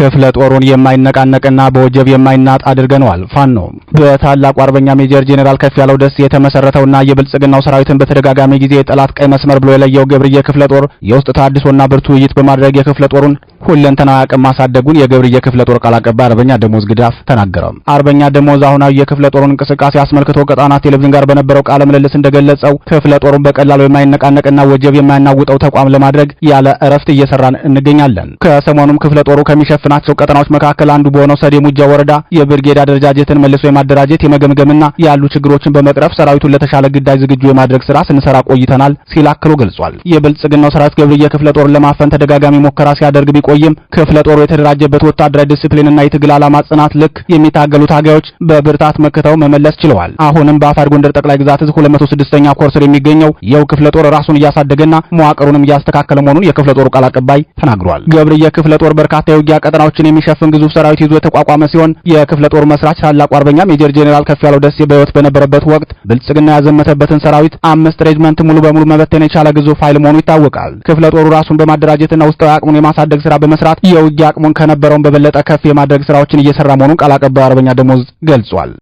ክፍለ ጦሩን የማይነቃነቅና በወጀብ የማይናጥ አድርገነዋል። ፋኖ በታላቁ አርበኛ ሜጀር ጄኔራል ከፍ ያለው ደስ የተመሰረተውና የብልጽግናው ሰራዊትን በተደጋጋሚ ጊዜ የጠላት ቀይ መስመር ብሎ የለየው ገብርዬ ክፍለ ጦር የውስጥ ታድሶና ብርቱ ውይይት በማድረግ የክፍለ ጦሩን ሁለንተናዊ አቅም ማሳደጉን የገብርዬ የክፍለ ጦር ቃል አቀባይ አርበኛ ደሞዝ ግዳፍ ተናገረም። አርበኛ ደሞዝ አሁናዊ የክፍለ ጦሩን እንቅስቃሴ አስመልክቶ ከጣና ቴሌቪዥን ጋር በነበረው ቃለ ምልልስ እንደገለጸው ክፍለ ጦሩን በቀላሉ የማይነቃነቅና ወጀብ የማያናውጠው ተቋም ለማድረግ ያለ እረፍት እየሰራን እንገኛለን። ከሰሞኑም ክፍለ ጦሩ ከሚሸፍናቸው ቀጠናዎች መካከል አንዱ በሆነው ሰዴ ሙጃ ወረዳ የብርጌድ አደረጃጀትን መልሶ የማደራጀት የመገምገምና ያሉ ችግሮችን በመቅረፍ ሰራዊቱን ለተሻለ ግዳጅ ዝግጁ የማድረግ ስራ ስንሰራ ቆይተናል ሲል አክሎ ገልጿል። የብልጽግናው ሰራዊት ገብርዬ ክፍለ ጦርን ለማፈን ተደጋጋሚ ሙከራ ሲያደርግ ቢቆ ቢቆይም ክፍለ ጦሩ የተደራጀበት ወታደራዊ ዲስፕሊንና የትግል ዓላማ ጽናት ልክ የሚታገሉ ታጋዮች በብርታት መክተው መመለስ ችለዋል። አሁንም በአፋር ጎንደር ጠቅላይ ግዛት እዝ 206ኛ ኮር ስር የሚገኘው የው ክፍለ ጦር ራሱን እያሳደገና መዋቅሩንም እያስተካከለ መሆኑን የክፍለ ጦሩ ቃል አቀባይ ተናግሯል። ገብርዬ ክፍለ ጦር በርካታ የውጊያ ቀጠናዎችን የሚሸፍን ግዙፍ ሰራዊት ይዞ የተቋቋመ ሲሆን የክፍለ ጦር መስራች ታላቁ አርበኛ ሜጀር ጄኔራል ያለው ደሴ በሕይወት በነበረበት ወቅት ብልጽግና ያዘመተበትን ሰራዊት አምስት ሬጅመንት ሙሉ በሙሉ መበተን የቻለ ግዙፍ ኃይል መሆኑ ይታወቃል። ክፍለ ጦሩ ራሱን በማደራጀትና ውስጣዊ አቅሙን የማሳደግ ስራ በመስራት የውጊያ አቅሙን ከነበረውን በበለጠ ከፍ የማድረግ ስራዎችን እየሰራ መሆኑን ቃል አቀባዩ አርበኛ ደሞዝ ገልጿል።